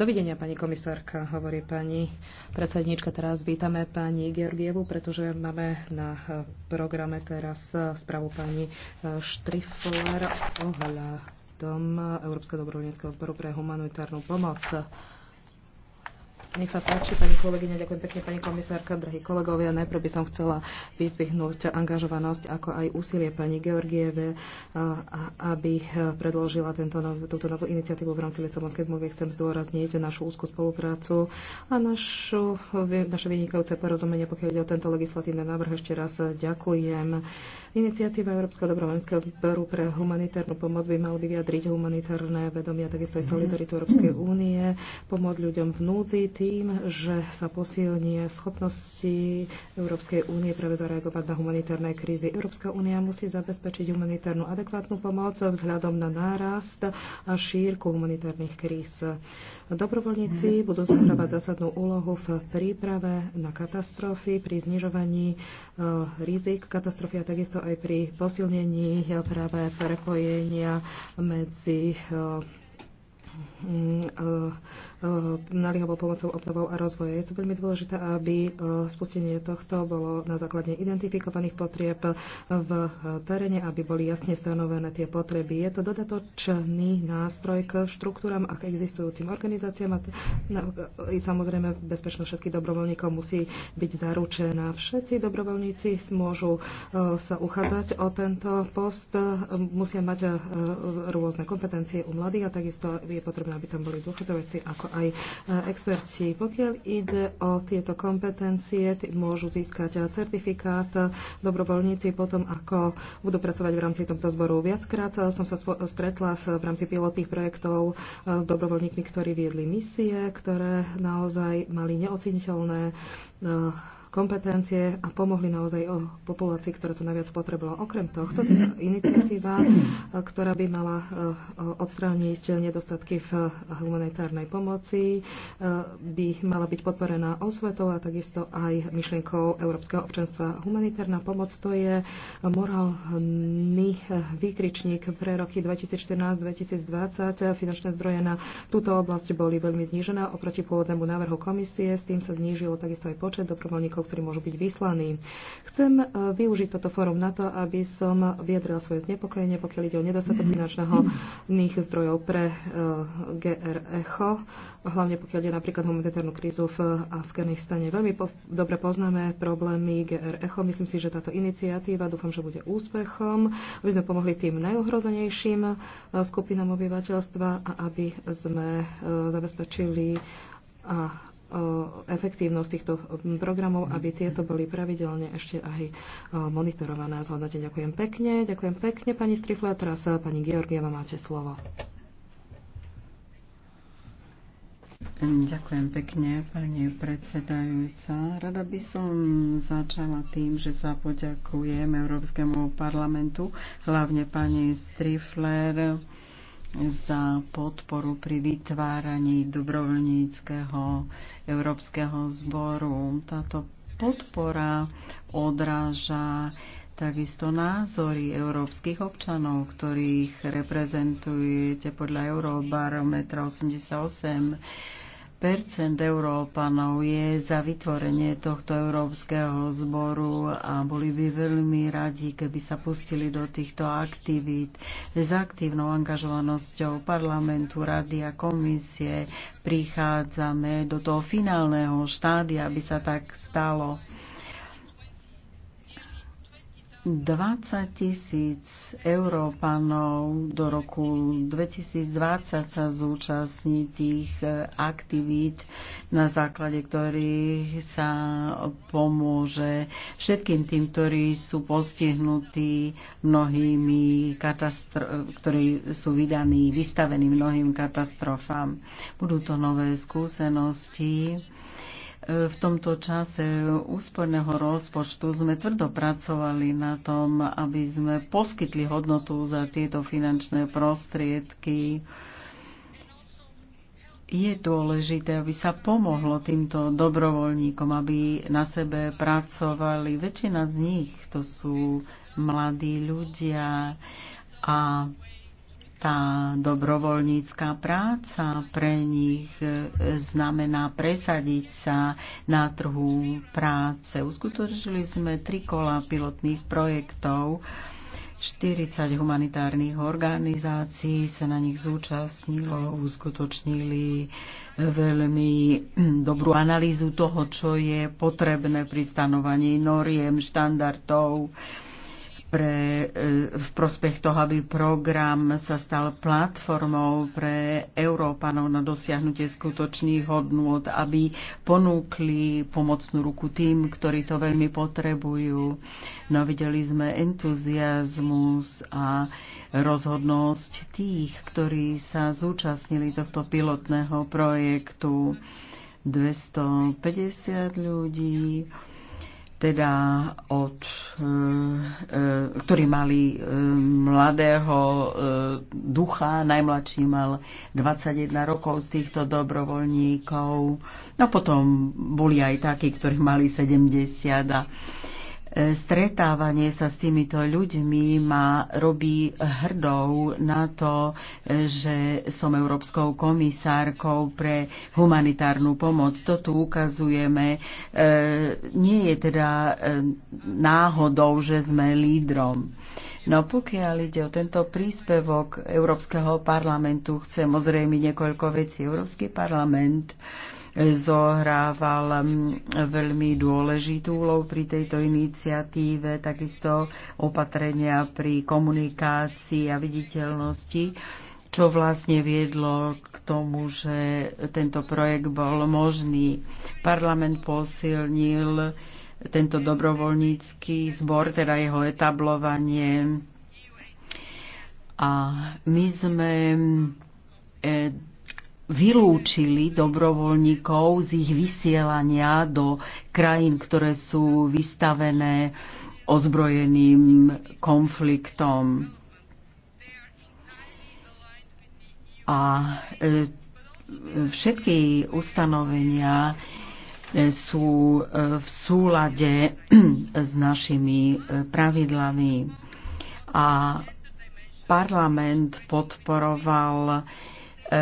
Dovidenia, pani komisárka, hovorí pani predsednička. Teraz vítame pani Georgievu, pretože máme na programe teraz správu pani Štrifler ohľadom Európskeho dobrovoľníckého zboru pre humanitárnu pomoc. Nech sa páči, pani kolegyňa, ďakujem pekne, pani komisárka, drahí kolegovia. Najprv by som chcela vyzdvihnúť angažovanosť, ako aj úsilie pani Georgieve, aby e, predložila tento nov, túto novú iniciatívu v rámci Lisabonskej zmluvy. Chcem zdôrazniť našu úzkú spoluprácu a našu, naše vynikajúce porozumenie, pokiaľ ide o tento legislatívny návrh. Ešte raz ďakujem. Iniciatíva Európskeho dobrovoľníckého zboru pre humanitárnu pomoc by mal vyjadriť humanitárne vedomia, takisto aj solidaritu Európskej únie, pomôcť ľuďom v núdzi, tým, že sa posilnie schopnosti Európskej únie práve zareagovať na humanitárne krízy. Európska únia musí zabezpečiť humanitárnu adekvátnu pomoc vzhľadom na nárast a šírku humanitárnych kríz. Dobrovoľníci budú zohrávať zásadnú úlohu v príprave na katastrofy, pri znižovaní e, rizik katastrofy a takisto aj pri posilnení práve prepojenia medzi e, e, E, naliehavou pomocou, obnovou a rozvoje. Je to veľmi dôležité, aby e, spustenie tohto bolo na základe identifikovaných potrieb v e, teréne, aby boli jasne stanovené tie potreby. Je to dodatočný nástroj k štruktúram a k existujúcim organizáciám a samozrejme bezpečnosť všetkých dobrovoľníkov musí byť zaručená. Všetci dobrovoľníci môžu sa uchádzať o tento post, musia mať rôzne kompetencie u mladých a takisto je potrebné, aby tam boli dôchodzoveci ako aj e, experti. Pokiaľ ide o tieto kompetencie, môžu získať e, certifikát e, dobrovoľníci potom, ako budú pracovať v rámci tomto zboru. Viackrát som sa stretla v rámci pilotných projektov s dobrovoľníkmi, ktorí viedli misie, ktoré naozaj mali neoceniteľné kompetencie a pomohli naozaj o populácii, ktorá to najviac potrebovala. Okrem tohto, teda iniciatíva, ktorá by mala eh, odstrániť nedostatky v humanitárnej pomoci, eh, by mala byť podporená osvetou a takisto aj myšlienkou európskeho občanstva. Humanitárna pomoc to je morálny eh, výkričník pre roky 2014-2020. Finančné zdroje na túto oblasť boli veľmi znížené oproti pôvodnému návrhu komisie. S tým sa znížilo takisto aj počet dobrovoľníkov poslancov, ktorí môžu byť vyslaní. Chcem e, využiť toto fórum na to, aby som vyjadrila svoje znepokojenie, pokiaľ ide o nedostatok finančných zdrojov pre e, GR Echo, hlavne pokiaľ ide napríklad humanitárnu krízu v Afganistane. Veľmi po- dobre poznáme problémy GR Echo. Myslím si, že táto iniciatíva dúfam, že bude úspechom, aby sme pomohli tým najohrozenejším e, skupinám obyvateľstva a aby sme zabezpečili a efektívnosť týchto programov, aby tieto boli pravidelne ešte aj monitorované a zhodnote. Ďakujem pekne. Ďakujem pekne, pani Strifle. Teraz e, pani Georgieva, máte slovo. Ďakujem pekne, pani predsedajúca. Rada by som začala tým, že sa poďakujem Európskemu parlamentu, hlavne pani Strifler, za podporu pri vytváraní dobrovoľníckého európskeho zboru. Táto podpora odráža takisto názory európskych občanov, ktorých reprezentujete podľa Eurobarometra 88 Percent Európanov je za vytvorenie tohto Európskeho zboru a boli by veľmi radi, keby sa pustili do týchto aktivít s aktívnou angažovanosťou parlamentu, rady a komisie prichádzame do toho finálneho štádia, aby sa tak stalo. 20 tisíc Európanov do roku 2020 sa zúčastní tých e, aktivít, na základe ktorých sa pomôže všetkým tým, ktorí sú postihnutí mnohými katastro- ktorí sú vydaní, vystavení mnohým katastrofám. Budú to nové skúsenosti v tomto čase úsporného rozpočtu sme tvrdo pracovali na tom, aby sme poskytli hodnotu za tieto finančné prostriedky. Je dôležité, aby sa pomohlo týmto dobrovoľníkom, aby na sebe pracovali. Väčšina z nich to sú mladí ľudia a tá dobrovoľnícká práca pre nich e, znamená presadiť sa na trhu práce. Uskutočili sme tri kola pilotných projektov. 40 humanitárnych organizácií sa na nich zúčastnilo, uskutočnili veľmi dobrú analýzu toho, čo je potrebné pri stanovaní noriem, štandardov, pre, e, v prospech toho, aby program sa stal platformou pre Európanov na dosiahnutie skutočných hodnôt, aby ponúkli pomocnú ruku tým, ktorí to veľmi potrebujú. No videli sme entuziasmus a rozhodnosť tých, ktorí sa zúčastnili tohto pilotného projektu. 250 ľudí teda od, e, e, ktorí mali e, mladého ducha, najmladší mal 21 rokov z týchto dobrovoľníkov, no potom boli aj takí, ktorí mali 70 a Stretávanie sa s týmito ľuďmi ma robí hrdou na to, že som Európskou komisárkou pre humanitárnu pomoc. To tu ukazujeme. E, nie je teda e, náhodou, že sme lídrom. No pokiaľ ide o tento príspevok Európskeho parlamentu, chcem ozrejmiť niekoľko vecí. Európsky parlament uh, zohrával um, veľmi dôležitú úlohu pri tejto iniciatíve, takisto opatrenia pri komunikácii a viditeľnosti čo vlastne viedlo k tomu, že tento projekt bol možný. Parlament posilnil tento dobrovoľnícky zbor, teda jeho etablovanie. A my sme eh, vylúčili dobrovoľníkov z ich vysielania do krajín, ktoré sú vystavené ozbrojeným konfliktom. A e, všetky ustanovenia e, sú e, v súlade s našimi pravidlami. A parlament podporoval E,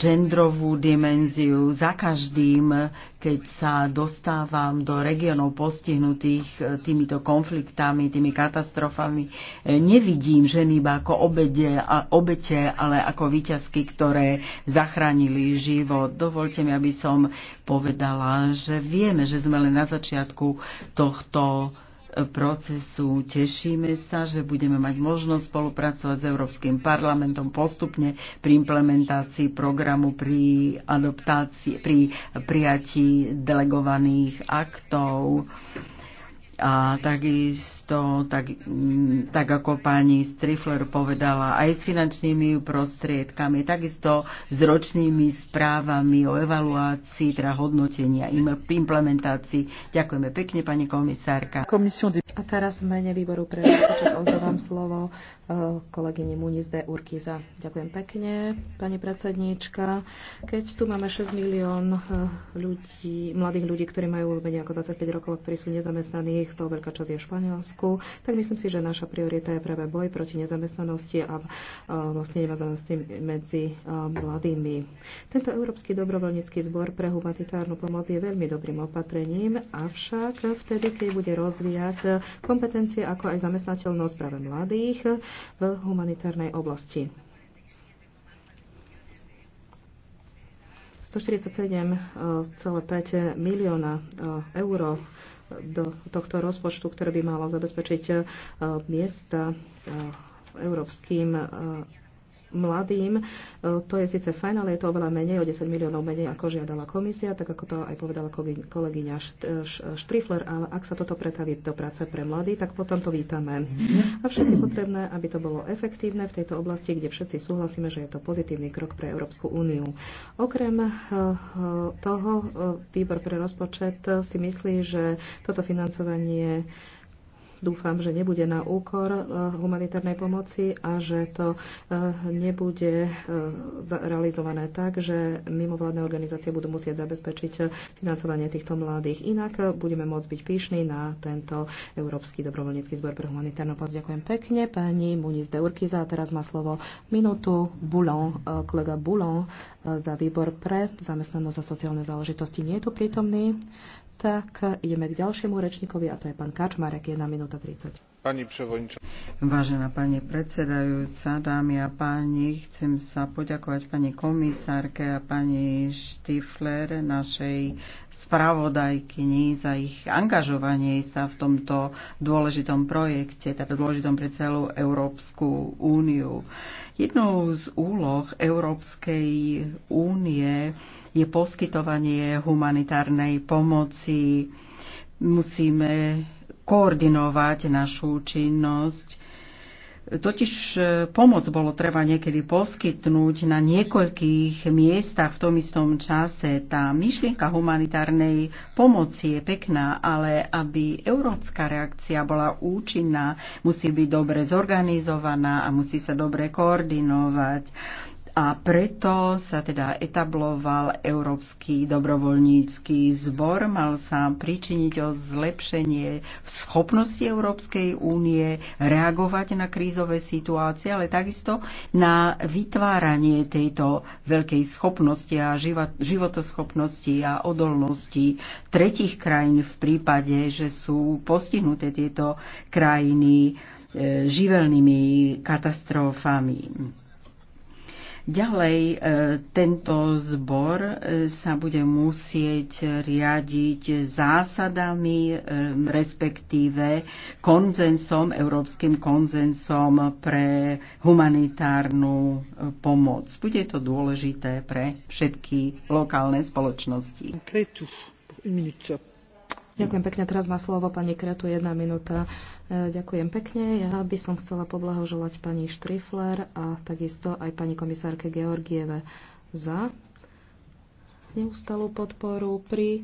genderovú dimenziu za každým, keď sa dostávam do regionov postihnutých e, týmito konfliktami, tými katastrofami. E, nevidím ženy iba ako obede, obete, ale ako výťazky, ktoré zachránili život. Dovolte mi, aby som povedala, že vieme, že sme len na začiatku tohto procesu. Tešíme sa, že budeme mať možnosť spolupracovať s Európskym parlamentom postupne pri implementácii programu, pri adoptácii, pri prijatí delegovaných aktov a takisto, tak, tak ako pani Strifler povedala, aj s finančnými prostriedkami, takisto s ročnými správami o evaluácii, teda hodnotenia, implementácii. Ďakujeme pekne, pani komisárka. A teraz v mene výboru pre rozpočet odzovám slovo eh, kolegyne Muniz de Urkiza. Ďakujem pekne, pani predsedníčka. Keď tu máme 6 milión eh, ľudí, mladých ľudí, ktorí majú menej ako 25 rokov, ktorí sú nezamestnaní z toho veľká časť je v Španielsku, tak myslím si, že naša priorita je práve boj proti nezamestnanosti a vlastne nezamestnanosti medzi mladými. Tento Európsky dobrovoľnícky zbor pre humanitárnu pomoc je veľmi dobrým opatrením, avšak vtedy, keď bude rozvíjať kompetencie ako aj zamestnateľnosť práve mladých v humanitárnej oblasti. 147,5 e, milióna e, eur do tohto rozpočtu, ktoré by malo zabezpečiť e, miesta e, európskym e, mladým. E, to je síce fajn, ale je to oveľa menej, o 10 miliónov menej, ako žiadala komisia, tak ako to aj povedala kolegyňa Štrifler, ale ak sa toto pretaví do práce pre mladých, tak potom to vítame. A všetko potrebné, aby to bolo efektívne v tejto oblasti, kde všetci súhlasíme, že je to pozitívny krok pre Európsku úniu. Okrem e, e, toho, výbor pre rozpočet si myslí, že toto financovanie Dúfam, že nebude na úkor eh, humanitárnej pomoci a že to eh, nebude eh, realizované tak, že mimovládne organizácie budú musieť zabezpečiť financovanie týchto mladých. Inak budeme môcť byť píšni na tento Európsky dobrovoľnícky zbor pre humanitárnu pomoc. Ďakujem pekne pani Muniz de Urkiza. A teraz má slovo minútu Boulon, kolega Boulon za výbor pre zamestnanosť a sociálne záležitosti. Nie je tu prítomný. Tak ideme k ďalšiemu rečníkovi a to je pán Kačmarek, 1 minúta 30. Pani Przewodnicząca. Vážená pani predsedajúca, dámy a páni, chcem sa poďakovať pani komisárke a pani Štifler, našej spravodajkyni, za ich angažovanie sa v tomto dôležitom projekte, teda dôležitom pre celú Európsku úniu. Jednou z úloh Európskej únie je poskytovanie humanitárnej pomoci. Musíme koordinovať našu činnosť. Totiž e, pomoc bolo treba niekedy poskytnúť na niekoľkých miestach v tom istom čase. Tá myšlienka humanitárnej pomoci je pekná, ale aby európska reakcia bola účinná, musí byť dobre zorganizovaná a musí sa dobre koordinovať a preto sa teda etabloval Európsky dobrovoľnícky zbor, mal sa pričiniť o zlepšenie schopnosti Európskej únie reagovať na krízové situácie, ale takisto na vytváranie tejto veľkej schopnosti a životoschopnosti a odolnosti tretich krajín v prípade, že sú postihnuté tieto krajiny e, živelnými katastrofami. Ďalej e, tento zbor e, sa bude musieť riadiť zásadami, e, respektíve konzensom, európskym konzensom pre humanitárnu pomoc. Bude to dôležité pre všetky lokálne spoločnosti. Kretu, Ďakujem pekne. Teraz má slovo pani Kretu, jedna minúta. E, ďakujem pekne. Ja by som chcela poblahoželať pani Štrifler a takisto aj pani komisárke Georgieve za neustalú podporu pri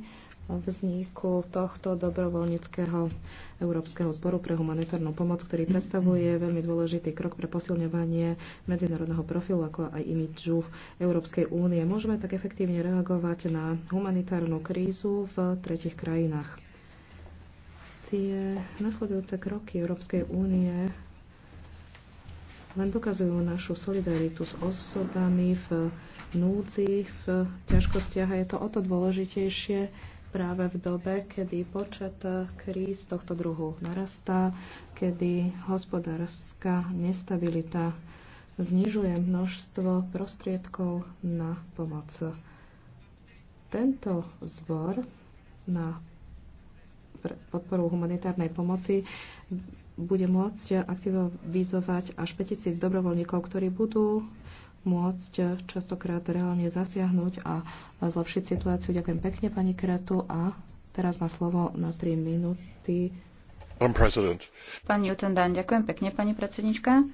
vzniku tohto dobrovoľníckého Európskeho zboru pre humanitárnu pomoc, ktorý predstavuje veľmi dôležitý krok pre posilňovanie medzinárodného profilu, ako aj imidžu Európskej únie. Môžeme tak efektívne reagovať na humanitárnu krízu v tretich krajinách. Tie nasledujúce kroky Európskej únie len dokazujú našu solidaritu s osobami v núdzi, v ťažkostiach a je to o to dôležitejšie, práve v dobe, kedy počet kríz tohto druhu narastá, kedy hospodárska nestabilita znižuje množstvo prostriedkov na pomoc. Tento zbor na podporu humanitárnej pomoci bude môcť aktivizovať až 5000 dobrovoľníkov, ktorí budú môcť častokrát reálne zasiahnuť a zlepšiť situáciu. Ďakujem pekne, pani Kretu. A teraz má slovo na 3 minúty. Pán Newton ďakujem pekne, pani predsednička.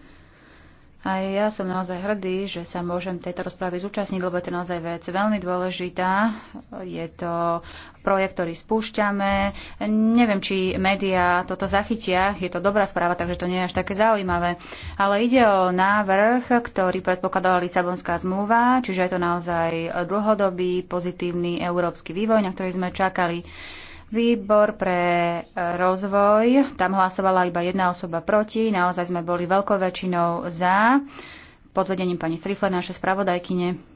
A ja som naozaj hrdý, že sa môžem tejto rozprávy zúčastniť, lebo je to naozaj vec veľmi dôležitá. Je to projekt, ktorý spúšťame. Neviem, či médiá toto zachytia. Je to dobrá správa, takže to nie je až také zaujímavé. Ale ide o návrh, ktorý predpokladala Lisabonská zmluva, čiže je to naozaj dlhodobý, pozitívny európsky vývoj, na ktorý sme čakali. Výbor pre e, rozvoj, tam hlasovala iba jedna osoba proti, naozaj sme boli veľkou väčšinou za, pod vedením pani Strifle, naše spravodajkyne.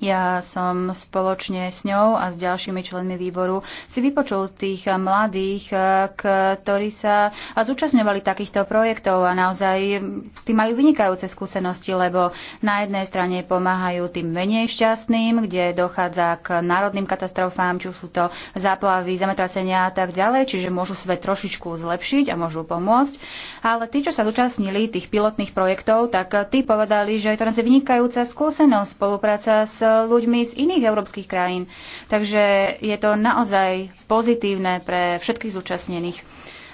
Ja som spoločne s ňou a s ďalšími členmi výboru si vypočul tých mladých, eh, ktorí sa zúčastňovali takýchto projektov a naozaj s tým majú vynikajúce skúsenosti, lebo na jednej strane pomáhajú tým menej šťastným, kde dochádza k národným katastrofám, či sú to záplavy, zametrasenia a tak ďalej, čiže môžu svet trošičku zlepšiť a môžu pomôcť. Ale tí, čo sa zúčastnili tých pilotných projektov, tak tí povedali, že je to vynikajúca skúsenosť spolupráca s ľuďmi z iných európskych krajín. Takže je to naozaj pozitívne pre všetkých zúčastnených.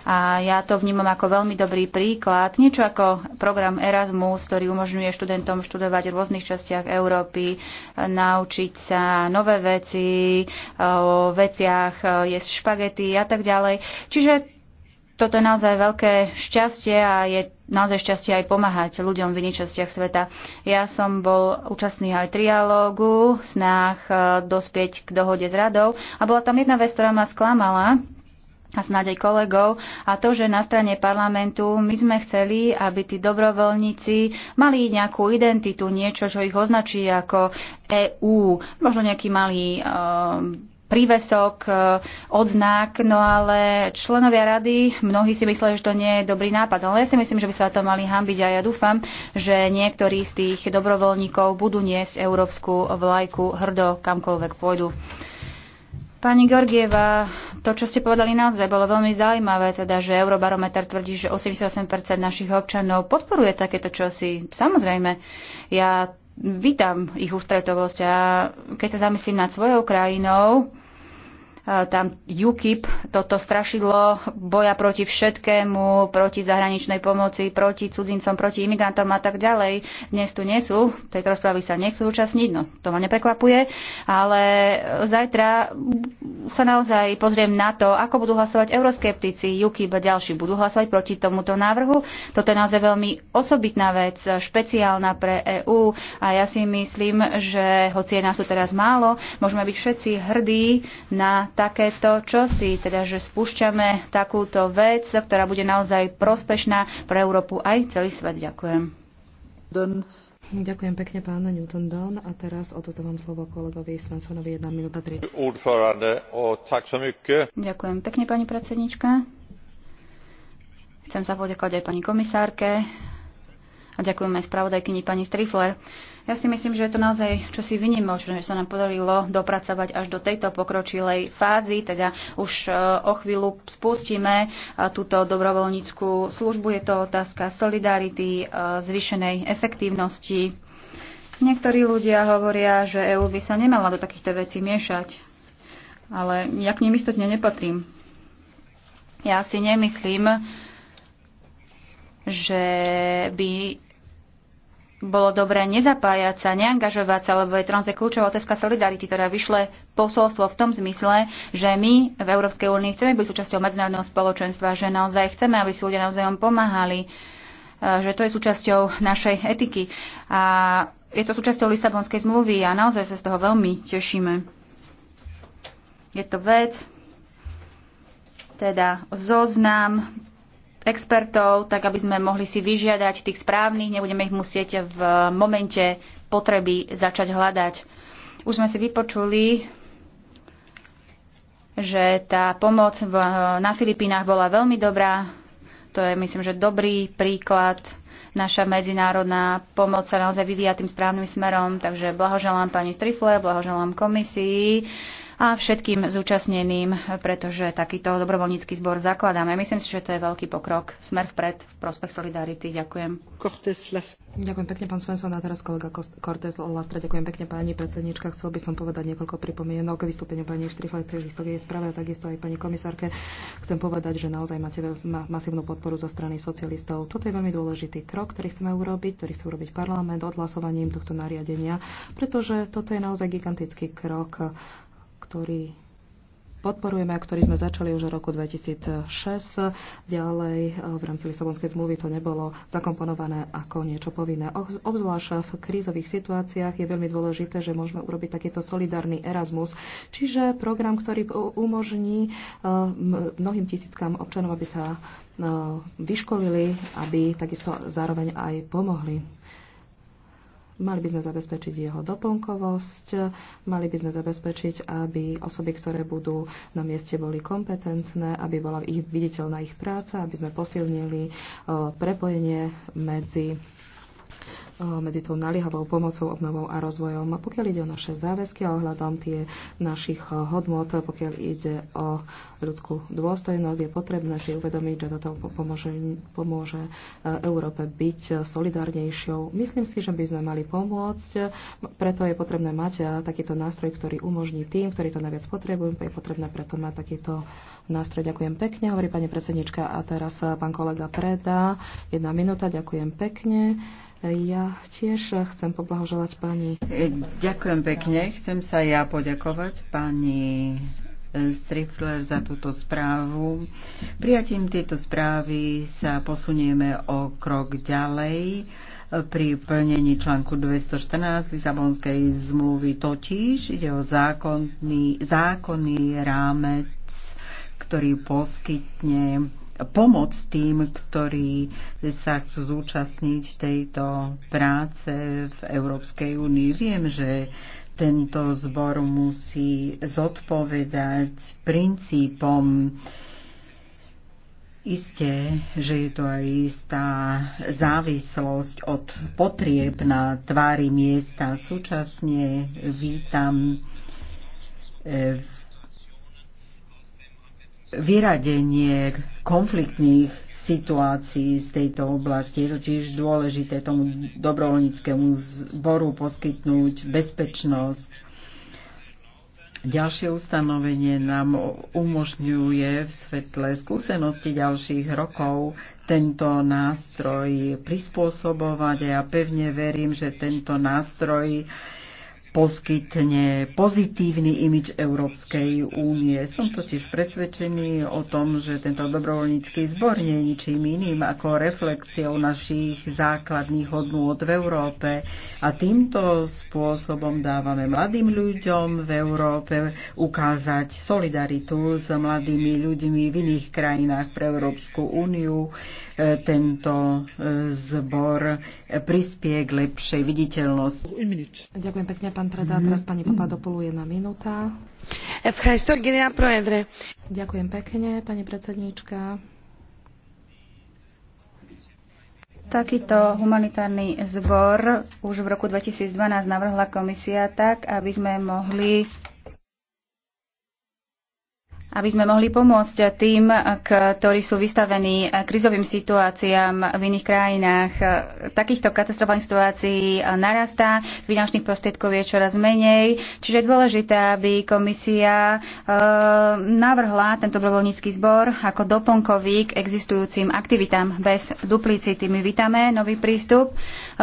A ja to vnímam ako veľmi dobrý príklad, niečo ako program Erasmus, ktorý umožňuje študentom študovať v rôznych častiach Európy, naučiť sa nové veci, o veciach jesť špagety a tak ďalej. Čiže toto je naozaj veľké šťastie a je naozaj šťastie aj pomáhať ľuďom v iných častiach sveta. Ja som bol účastný aj triálogu, snách e, dospieť k dohode s radou a bola tam jedna vec, ktorá ma sklamala a snáď aj kolegov, a to, že na strane parlamentu my sme chceli, aby tí dobrovoľníci mali nejakú identitu, niečo, čo ich označí ako EÚ, možno nejaký malý prívesok, e, odznak, no ale členovia rady, mnohí si mysleli, že to nie je dobrý nápad, ale ja si myslím, že by sa to mali hambiť a ja dúfam, že niektorí z tých dobrovoľníkov budú niesť európsku vlajku hrdo kamkoľvek pôjdu. Pani Georgieva, to, čo ste povedali naozaj, bolo veľmi zaujímavé, teda, že Eurobarometer tvrdí, že 88% našich občanov podporuje takéto čosi. Samozrejme, ja vítam ich ústretovosť a keď sa zamyslím nad svojou krajinou, tam UKIP, toto strašidlo boja proti všetkému, proti zahraničnej pomoci, proti cudzincom, proti imigrantom a tak ďalej. Dnes tu nie sú, tejto rozpravy sa nechcú účastniť, no to ma neprekvapuje, ale zajtra sa naozaj pozriem na to, ako budú hlasovať euroskeptici, UKIP a ďalší budú hlasovať proti tomuto návrhu. Toto je naozaj veľmi osobitná vec, špeciálna pre EÚ a ja si myslím, že hoci je nás tu teraz málo, môžeme byť všetci hrdí na takéto čosi, teda že spúšťame takúto vec, ktorá bude naozaj prospešná pre Európu aj celý svet. Ďakujem. Don. Ďakujem pekne pána Newton Don a teraz odozdávam slovo kolegovi Svensonovi 1 minúta 3. Ďakujem pekne pani predsednička. Chcem sa poďakovať aj pani komisárke a ďakujem aj spravodajkyni pani Strifler. Ja si myslím, že je to naozaj čosi vynimočné, že sa nám podarilo dopracovať až do tejto pokročilej fázy, teda už e, o chvíľu spustíme e, túto dobrovoľníckú službu. Je to otázka solidarity, e, zvýšenej efektívnosti. Niektorí ľudia hovoria, že EÚ by sa nemala do takýchto vecí miešať, ale ja k nim istotne nepatrím. Ja si nemyslím, že by bolo dobré nezapájať sa, neangažovať sa, lebo je tronze kľúčová otázka solidarity, ktorá vyšle posolstvo v tom zmysle, že my v Európskej únii chceme byť súčasťou medzinárodného spoločenstva, že naozaj chceme, aby si ľudia naozaj pomáhali, e, že to je súčasťou našej etiky. A je to súčasťou Lisabonskej zmluvy a naozaj sa z toho veľmi tešíme. Je to vec, teda zoznam expertov, tak aby sme mohli si vyžiadať tých správnych, nebudeme ich musieť v momente potreby začať hľadať. Už sme si vypočuli, že tá pomoc v, na Filipínach bola veľmi dobrá. To je, myslím, že dobrý príklad. Naša medzinárodná pomoc sa naozaj vyvíja tým správnym smerom, takže blahoželám pani Strifle, blahoželám komisii a všetkým zúčastneným, pretože takýto dobrovoľnícky zbor zakladáme. Myslím si, že to je veľký pokrok. Smer vpred v prospech Solidarity. Ďakujem. Ďakujem pekne, pán Svensson. A teraz kolega Cortez Lastra. Ďakujem pekne, pani predsednička. Chcel by som povedať niekoľko pripomienok k vystúpeniu pani ktorý je jej správe, takisto aj pani komisárke. Chcem povedať, že naozaj máte masívnu podporu zo strany socialistov. Toto je veľmi dôležitý krok, ktorý chceme urobiť, ktorý chce urobiť parlament odhlasovaním tohto nariadenia, pretože toto je naozaj gigantický krok ktorý podporujeme a ktorý sme začali už v roku 2006. Ďalej eh, v rámci Lisabonskej zmluvy to nebolo zakomponované ako niečo povinné. Obzvlášť v krízových situáciách je veľmi dôležité, že môžeme urobiť takýto solidárny Erasmus, čiže program, ktorý umožní eh, mnohým tisíckam občanov, aby sa eh, vyškolili, aby takisto zároveň aj pomohli Mali by sme zabezpečiť jeho doplnkovosť, mali by sme zabezpečiť, aby osoby, ktoré budú na mieste, boli kompetentné, aby bola ich viditeľná ich práca, aby sme posilnili eh, prepojenie medzi Eh, medzi tou naliehavou pomocou, obnovou a rozvojom. Pokiaľ ide o naše záväzky a ohľadom tie našich eh, hodnot, pokiaľ ide o ľudskú dôstojnosť, je potrebné si uvedomiť, že toto pomôže, pomôže eh, Európe byť solidárnejšou. Myslím si, že by sme mali pomôcť, preto je potrebné mať takýto nástroj, ktorý umožní tým, ktorí to najviac potrebujú, je potrebné preto mať takýto nástroj. Ďakujem pekne, hovorí pani predsednička a teraz pán kolega Preda. Jedna minúta, ďakujem pekne. Ja tiež chcem poblahoželať pani. Ďakujem pekne. Chcem sa ja poďakovať pani Strifler za túto správu. Prijatím tejto správy sa posunieme o krok ďalej pri plnení článku 214 Lisabonskej zmluvy totiž ide o zákonný, zákonný rámec, ktorý poskytne pomoc tým, ktorí sa chcú zúčastniť tejto práce v Európskej únii. Viem, že tento zbor musí zodpovedať princípom Isté, že je to aj istá závislosť od potrieb na tvári miesta. Súčasne vítam eh, vyradenie konfliktných situácií z tejto oblasti. Je totiž dôležité tomu dobrovoľníckému zboru poskytnúť bezpečnosť. Ďalšie ustanovenie nám umožňuje v svetle skúsenosti ďalších rokov tento nástroj prispôsobovať a ja pevne verím, že tento nástroj poskytne pozitívny imič Európskej únie. Som totiž presvedčený o tom, že tento dobrovoľnícky zbor nie je ničím iným ako reflexiou našich základných hodnôt v Európe. A týmto spôsobom dávame mladým ľuďom v Európe ukázať solidaritu s mladými ľuďmi v iných krajinách pre Európsku úniu. E, tento e, zbor prispie k lepšej viditeľnosti. Ďakujem pekne, pán Ďakujem pekne, pani predsedníčka. Takýto humanitárny zbor už v roku 2012 navrhla komisia tak, aby sme mohli aby sme mohli pomôcť tým, ktorí sú vystavení krizovým situáciám v iných krajinách. Takýchto katastrofálnych situácií narastá, finančných prostriedkov je čoraz menej, čiže je dôležité, aby komisia e, navrhla tento dobrovoľnícky zbor ako doplnkový k existujúcim aktivitám bez duplicity. My vítame nový prístup, e,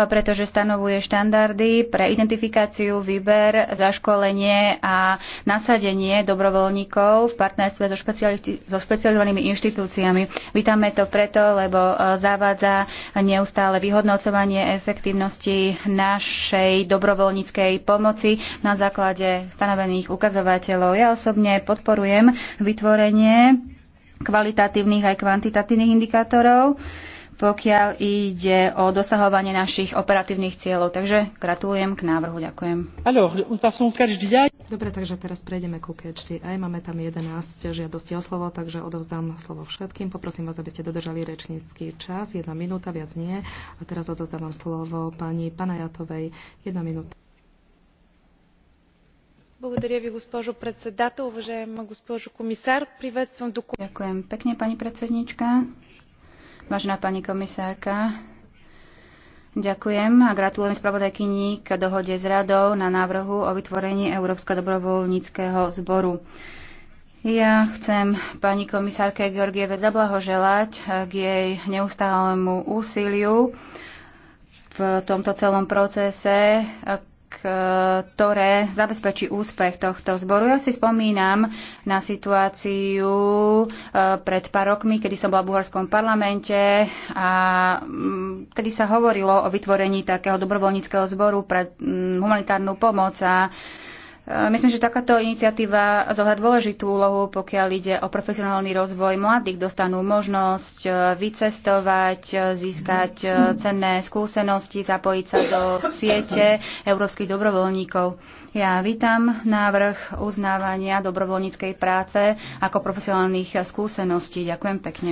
pretože stanovuje štandardy pre identifikáciu, výber, zaškolenie a nasadenie dobrovoľníkov v partnerstve partnerstve so, so špecializovanými inštitúciami. Vítame to preto, lebo e, zavádza neustále vyhodnocovanie efektívnosti našej dobrovoľníckej pomoci na základe stanovených ukazovateľov. Ja osobne podporujem vytvorenie kvalitatívnych aj kvantitatívnych indikátorov, pokiaľ ide o dosahovanie našich operatívnych cieľov. Takže gratulujem k návrhu. Ďakujem. Dobre, takže teraz prejdeme ku catch Aj máme tam 11 žiadosti o slovo, takže odovzdám slovo všetkým. Poprosím vás, aby ste dodržali rečnícky čas. Jedna minúta, viac nie. A teraz odovzdávam slovo pani Panajatovej. Jedna minúta. Благодаря ви, госпожо председател. Уважаема госпожо комисар, приветствам Ďakujem pekne, pani predsednička. Vážená pani komisárka, ďakujem a gratulujem spravodajkyni k dohode s radou na návrhu o vytvorení Európska dobrovoľníckého zboru. Ja chcem pani komisárke Georgieve zablahoželať k jej neustálemu úsiliu v tomto celom procese ktoré zabezpečí úspech tohto zboru. Ja si spomínam na situáciu eh, pred pár rokmi, kedy som bola v bulharskom parlamente a mm, tedy sa hovorilo o vytvorení takého dobrovoľníckého zboru pre mm, humanitárnu pomoc a Myslím, že takáto iniciatíva zohľa dôležitú úlohu, pokiaľ ide o profesionálny rozvoj mladých. Dostanú možnosť e, vycestovať, e, získať e, cenné skúsenosti, zapojiť sa do siete európskych dobrovoľníkov. Ja vítam návrh uznávania dobrovoľníckej práce ako profesionálnych skúseností. Ďakujem pekne.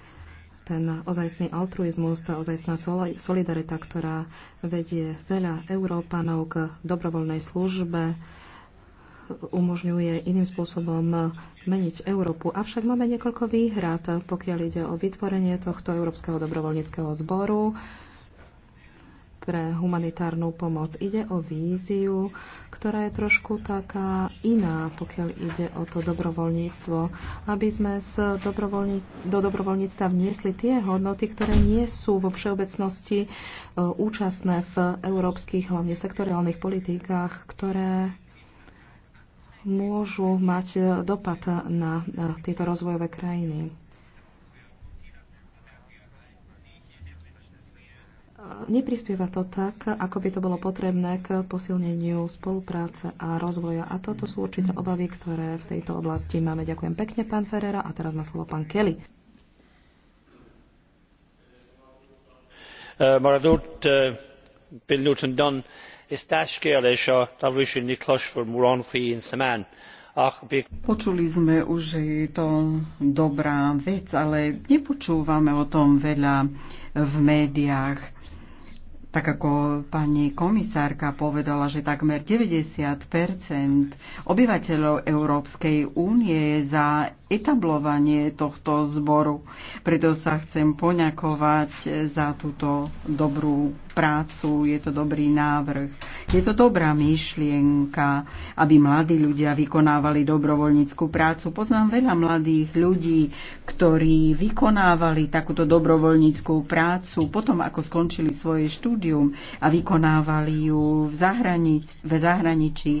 ten ozajstný altruizmus, tá ozajstná solidarita, ktorá vedie veľa Európanov k dobrovoľnej službe, umožňuje iným spôsobom meniť Európu. Avšak máme niekoľko výhrad, pokiaľ ide o vytvorenie tohto Európskeho dobrovoľníckého zboru pre humanitárnu pomoc. Ide o víziu, ktorá je trošku taká iná, pokiaľ ide o to dobrovoľníctvo, aby sme z dobrovoľní, do dobrovoľníctva vniesli tie hodnoty, ktoré nie sú vo všeobecnosti e, účastné v európskych, hlavne sektoriálnych politikách, ktoré môžu mať e, dopad na e, tieto rozvojové krajiny. neprispieva to tak, ako by to bolo potrebné k posilneniu spolupráce a rozvoja. A toto sú určité obavy, ktoré v tejto oblasti máme. Ďakujem pekne, pán Ferrera. A teraz má slovo pán Kelly. Počuli sme už, že je to dobrá vec, ale nepočúvame o tom veľa v médiách tak ako pani komisárka povedala, že takmer 90 obyvateľov Európskej únie je za etablovanie tohto zboru. Preto sa chcem poňakovať za túto dobrú prácu, je to dobrý návrh. Je to dobrá myšlienka, aby mladí ľudia vykonávali dobrovoľníckú prácu. Poznám veľa mladých ľudí, ktorí vykonávali takúto dobrovoľníckú prácu potom, ako skončili svoje štúdium a vykonávali ju v, zahranič- v zahraničí.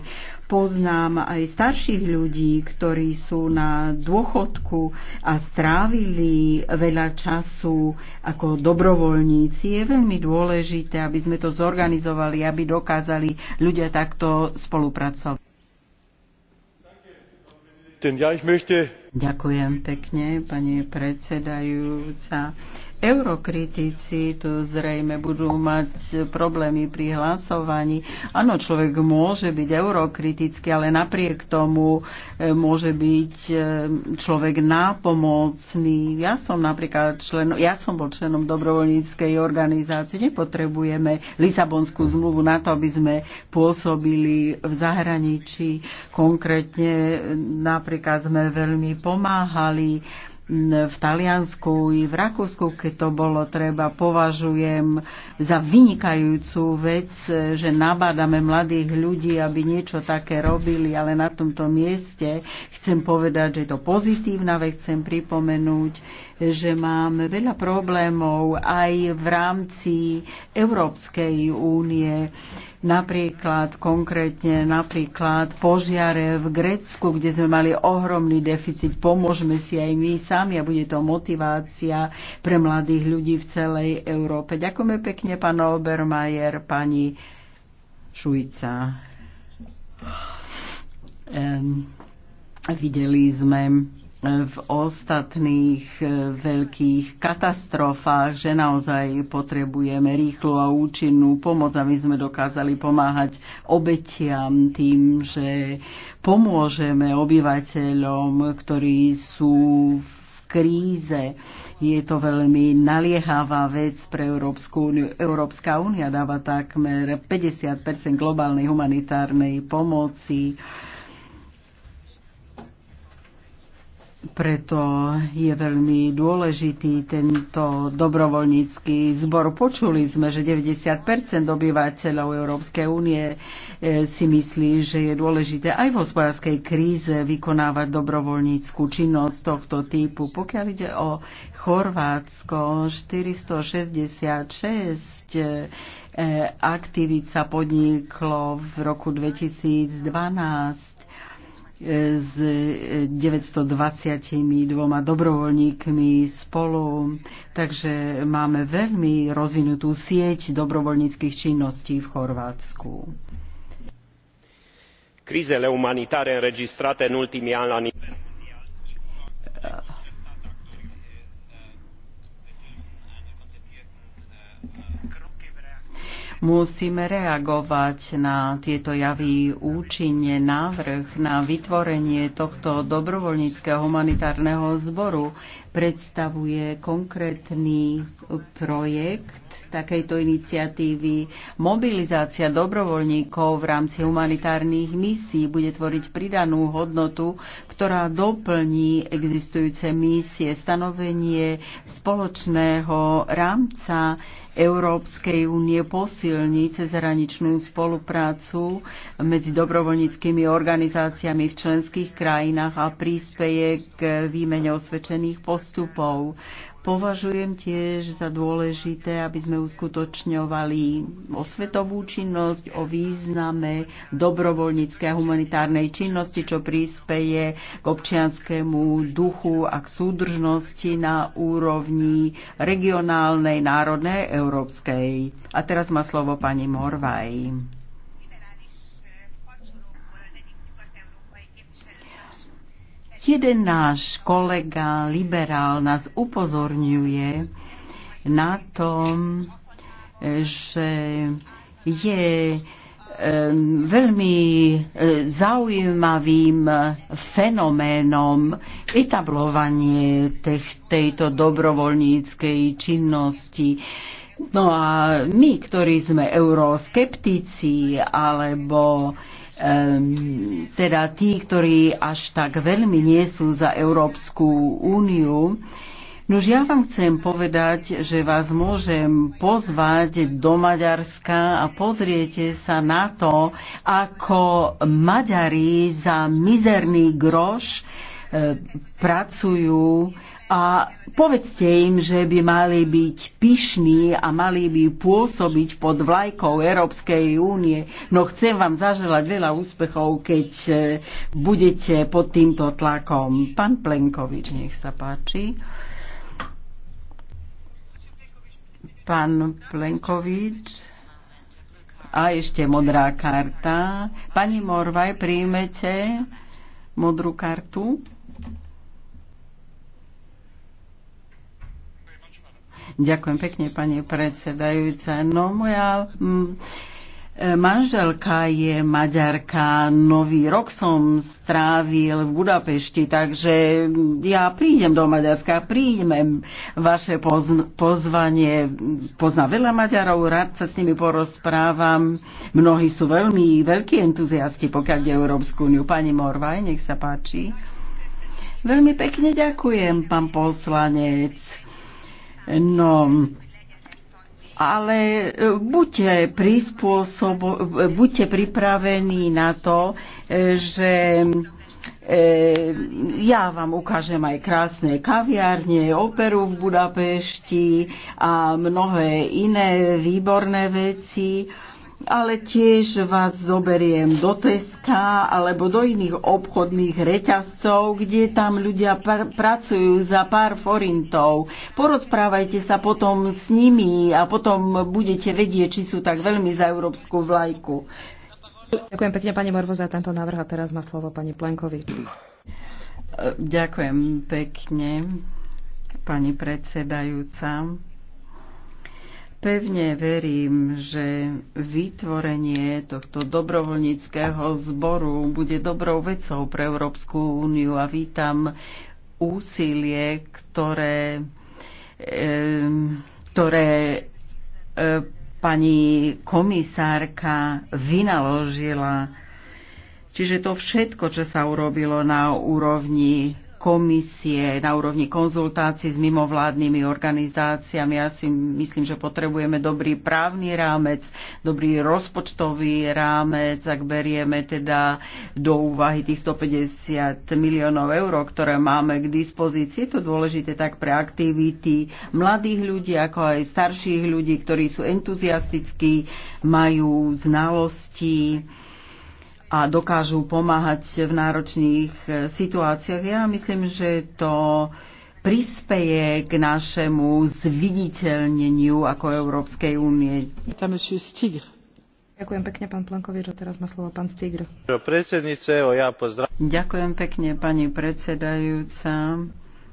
Poznám aj starších ľudí, ktorí sú na dôchodku a strávili veľa času ako dobrovoľníci. Je veľmi dôležité, aby sme to zorganizovali, aby dokázali ľudia takto spolupracovať. Ďakujem pekne, pani predsedajúca eurokritici tu zrejme budú mať problémy pri hlasovaní. Áno, človek môže byť eurokritický, ale napriek tomu e, môže byť e, človek nápomocný. Ja som napríklad člen, ja som bol členom dobrovoľníckej organizácie. Nepotrebujeme Lisabonskú zmluvu na to, aby sme pôsobili v zahraničí. Konkrétne e, napríklad sme veľmi pomáhali v Taliansku i v Rakúsku, keď to bolo treba, považujem za vynikajúcu vec, že nabádame mladých ľudí, aby niečo také robili, ale na tomto mieste chcem povedať, že je to pozitívna vec, chcem pripomenúť, že máme veľa problémov aj v rámci Európskej únie. Napríklad, konkrétne napríklad požiare v Grécku, kde sme mali ohromný deficit. Pomôžeme si aj my sami a bude to motivácia pre mladých ľudí v celej Európe. Ďakujeme pekne, pán Obermajer, pani Šujca. Um, videli sme v ostatných e, veľkých katastrofách, že naozaj potrebujeme rýchlu a účinnú pomoc, aby sme dokázali pomáhať obetiam tým, že pomôžeme obyvateľom, ktorí sú v kríze. Je to veľmi naliehavá vec pre Európsku úniu. Európska únia dáva takmer 50 globálnej humanitárnej pomoci Preto je veľmi dôležitý tento dobrovoľnícky zbor. Počuli sme, že 90 obyvateľov Európskej únie e, si myslí, že je dôležité aj v hospodárskej kríze vykonávať dobrovoľníckú činnosť tohto typu. Pokiaľ ide o Chorvátsko, 466 e, aktivít sa podniklo v roku 2012 s 922 e, dobrovoľníkmi spolu. Takže máme veľmi rozvinutú sieť dobrovoľníckých činností v Chorvátsku. Krizele umanitare registrate în ultimii ani la nivel mondial e, Musíme reagovať na tieto javy účinne. Návrh na vytvorenie tohto dobrovoľníckého humanitárneho zboru predstavuje konkrétny projekt takejto iniciatívy. Mobilizácia dobrovoľníkov v rámci humanitárnych misií bude tvoriť pridanú hodnotu, ktorá doplní existujúce misie, stanovenie spoločného rámca Európskej únie posilní cezhraničnú spoluprácu medzi dobrovoľníckými organizáciami v členských krajinách a príspeje k výmene osvedčených postupov. Považujem tiež za dôležité, aby sme uskutočňovali osvetovú činnosť o význame dobrovoľníckej a humanitárnej činnosti, čo príspeje k občianskému duchu a k súdržnosti na úrovni regionálnej, národnej, európskej. A teraz má slovo pani Morvaj. Jeden náš kolega, liberál, nás upozorňuje na tom, že je veľmi e, zaujímavým fenoménom etablovanie tejto dobrovoľníckej činnosti. No a my, ktorí sme euroskeptici alebo Ehm, teda tí, ktorí až tak veľmi nie sú za Európsku úniu. Nož ja vám chcem povedať, že vás môžem pozvať do Maďarska a pozriete sa na to, ako Maďari za mizerný groš ehm, pracujú a povedzte im, že by mali byť pyšní a mali by pôsobiť pod vlajkou Európskej únie. No chcem vám zaželať veľa úspechov, keď e, budete pod týmto tlakom. Pán Plenkovič, nech sa páči. Pán Plenkovič. A ešte modrá karta. Pani Morvaj, príjmete modrú kartu? Ďakujem pekne, pani predsedajúca. No, moja... m- mm, e, Manželka je Maďarka, nový rok som strávil v Budapešti, takže ja prídem do Maďarska, príjmem vaše pozvanie. Poznám veľa Maďarov, rád sa s nimi porozprávam. Mnohí sú veľmi veľkí entuziasti, pokiaľ ide Európsku úniu. Pani Morvaj, nech sa páči. Veľmi pekne ďakujem, pán poslanec. No, ale e, buďte, e, buďte pripravení na to, e, že ja vám ukážem aj krásne kaviárne, operu v Budapešti a mnohé iné výborné veci ale tiež vás zoberiem do Teska alebo do iných obchodných reťazcov, kde tam ľudia pr- pracujú za pár forintov. Porozprávajte sa potom s nimi a potom budete vedieť, či sú tak veľmi za európsku vlajku. Ďakujem pekne, pani Morvo, za tento návrh a teraz má slovo pani Plenkovi. Ďakujem pekne, pani predsedajúca. Pevne verím, že vytvorenie tohto dobrovoľníckého zboru bude dobrou vecou pre Európsku úniu a vítam úsilie, ktoré, ktoré e, pani komisárka vynaložila. Čiže to všetko, čo sa urobilo na úrovni komisie na úrovni konzultácií s mimovládnymi organizáciami. Ja si myslím, že potrebujeme dobrý právny rámec, dobrý rozpočtový rámec, ak berieme teda do úvahy tých 150 miliónov eur, ktoré máme k dispozícii. Je to dôležité tak pre aktivity mladých ľudí, ako aj starších ľudí, ktorí sú entuziastickí, majú znalosti, a dokážu pomáhať v náročných e, situáciách. Ja myslím, že to prispeje k našemu zviditeľneniu ako Európskej únie. Ďakujem pekne, pán Plankovič, a teraz má slovo pán Stigr. Ďakujem pekne, pani predsedajúca.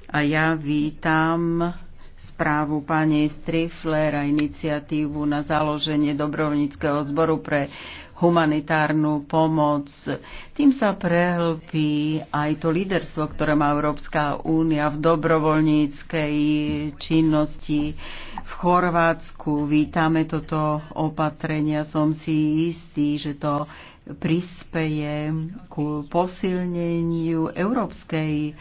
A ja vítam správu pani Strifler a iniciatívu na založenie dobrovníckého zboru pre humanitárnu pomoc. Tým sa prehlbí aj to líderstvo, ktoré má Európska únia v dobrovoľníckej činnosti. V Chorvátsku vítame toto opatrenia. Som si istý, že to prispeje ku posilneniu európskej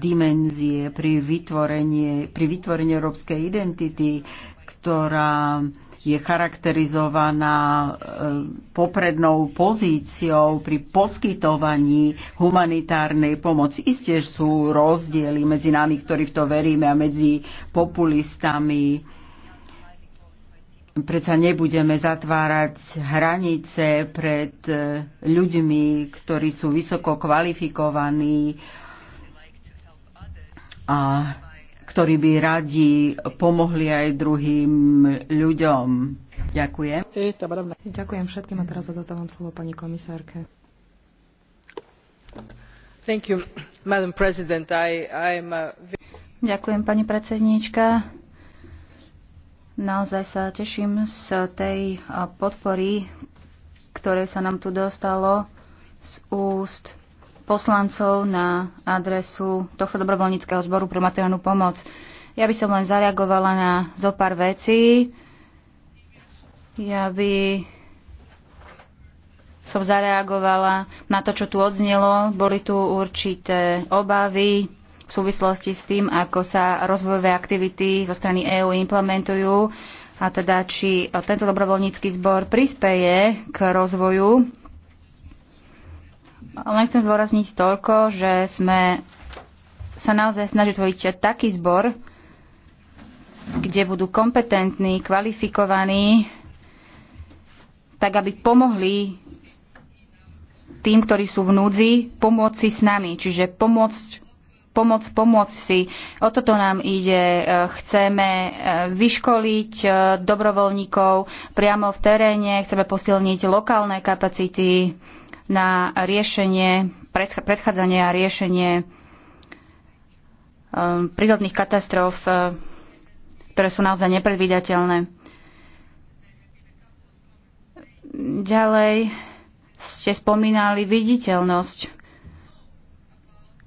dimenzie pri vytvorení, pri vytvorení európskej identity, ktorá je charakterizovaná e, poprednou pozíciou pri poskytovaní humanitárnej pomoci. Isté sú rozdiely medzi nami, ktorí v to veríme, a medzi populistami. Preca nebudeme zatvárať hranice pred e, ľuďmi, ktorí sú vysoko kvalifikovaní a ktorí by radi pomohli aj druhým ľuďom. Ďakujem. Ďakujem všetkým a teraz odozdávam slovo pani komisárke. Thank you, Madam President. I, I'm a... Ďakujem, pani predsedníčka. Naozaj sa teším z tej podpory, ktoré sa nám tu dostalo z úst poslancov na adresu tohto dobrovoľníckého zboru pre materiálnu pomoc. Ja by som len zareagovala na zo pár vecí. Ja by som zareagovala na to, čo tu odznelo. Boli tu určité obavy v súvislosti s tým, ako sa rozvojové aktivity zo strany EÚ implementujú a teda či tento dobrovoľnícky zbor prispeje k rozvoju len chcem zvorazniť toľko, že sme sa naozaj snažili tvoriť taký zbor, kde budú kompetentní, kvalifikovaní, tak aby pomohli tým, ktorí sú v núdzi, pomôcť si s nami. Čiže pomôcť pomoc, pomôcť si. O toto nám ide. E, chceme e, vyškoliť e, dobrovoľníkov priamo v teréne, chceme posilniť lokálne kapacity, na riešenie, predchádzanie a riešenie um, prírodných katastrof, uh, ktoré sú naozaj nepredvídateľné. Ďalej ste spomínali viditeľnosť.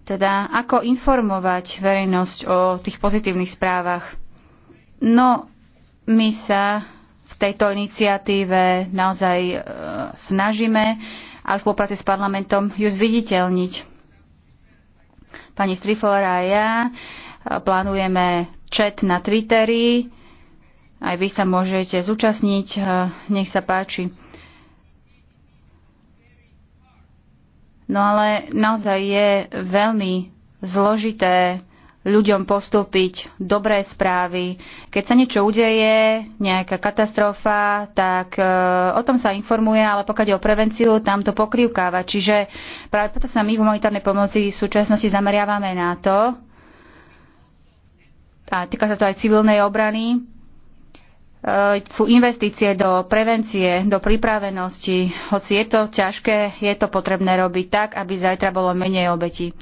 Teda ako informovať verejnosť o tých pozitívnych správach. No, my sa v tejto iniciatíve naozaj uh, snažíme a v spolupráci s parlamentom ju zviditeľniť. Pani Strifor a ja e, plánujeme chat na Twitteri. Aj vy sa môžete zúčastniť. E, nech sa páči. No ale naozaj je veľmi zložité ľuďom postúpiť dobré správy. Keď sa niečo udeje, nejaká katastrofa, tak e, o tom sa informuje, ale pokiaľ je o prevenciu, tam to pokrývkáva. Čiže práve preto sa my v humanitárnej pomoci v súčasnosti zameriavame na to, a týka sa to aj civilnej obrany, e, sú investície do prevencie, do pripravenosti. Hoci je to ťažké, je to potrebné robiť tak, aby zajtra bolo menej obetí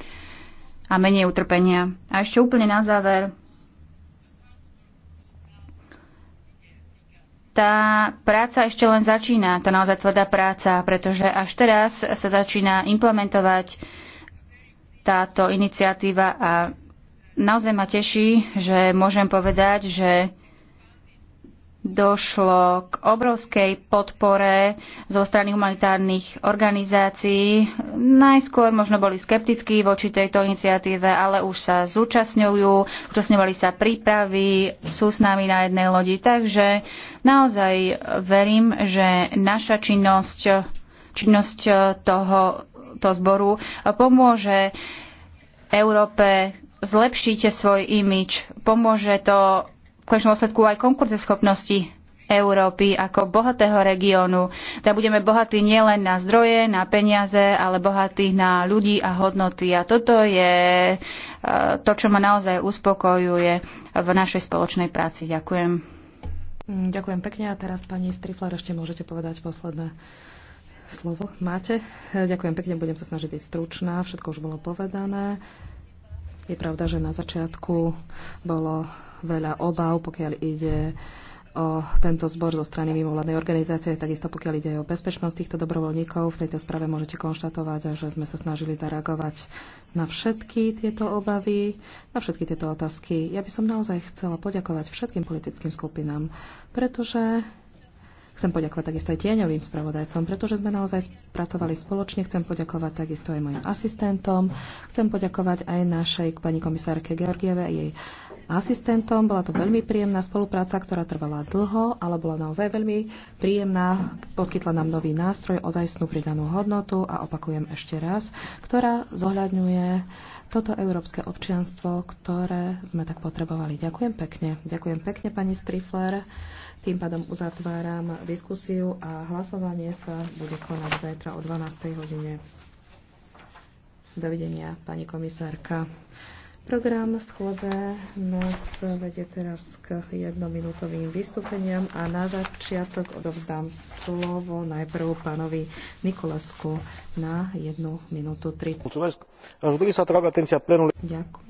a menej utrpenia. A ešte úplne na záver, tá práca ešte len začína, tá naozaj tvrdá práca, pretože až teraz sa začína implementovať táto iniciatíva a naozaj ma teší, že môžem povedať, že došlo k obrovskej podpore zo strany humanitárnych organizácií. Najskôr možno boli skeptickí voči tejto iniciatíve, ale už sa zúčastňujú, zúčastňovali sa prípravy, sú s nami na jednej lodi. Takže naozaj verím, že naša činnosť, činnosť toho, toho zboru pomôže Európe zlepšíte svoj imič, pomôže to konečnom dôsledku aj konkurzeschopnosti Európy ako bohatého regiónu. Teda budeme bohatí nielen na zdroje, na peniaze, ale bohatí na ľudí a hodnoty. A toto je e, to, čo ma naozaj uspokojuje v našej spoločnej práci. Ďakujem. Ďakujem pekne. A teraz, pani Strifler, ešte môžete povedať posledné slovo. Máte? Ďakujem pekne, budem sa snažiť byť stručná. Všetko už bolo povedané. Je pravda, že na začiatku bolo veľa obav, pokiaľ ide o tento zbor zo strany mimovládnej organizácie, takisto pokiaľ ide o bezpečnosť týchto dobrovoľníkov. V tejto správe môžete konštatovať, že sme sa snažili zareagovať na všetky tieto obavy, na všetky tieto otázky. Ja by som naozaj chcela poďakovať všetkým politickým skupinám, pretože Chcem poďakovať takisto aj tieňovým spravodajcom, pretože sme naozaj pracovali spoločne. Chcem poďakovať takisto aj mojim asistentom. Chcem poďakovať aj našej pani komisárke Georgieve a jej asistentom. Bola to veľmi príjemná spolupráca, ktorá trvala dlho, ale bola naozaj veľmi príjemná. Poskytla nám nový nástroj, ozajstnú pridanú hodnotu a opakujem ešte raz, ktorá zohľadňuje toto európske občianstvo, ktoré sme tak potrebovali. Ďakujem pekne. Ďakujem pekne, pani Strifler. Tým pádom uzatváram diskusiu a hlasovanie sa bude konať zajtra o 12. hodine. Dovidenia, pani komisárka. Program schôdze nás vedie teraz k jednominútovým vystúpeniam a na začiatok odovzdám slovo najprv pánovi Nikolesku na jednu minútu 30. Ďakujem.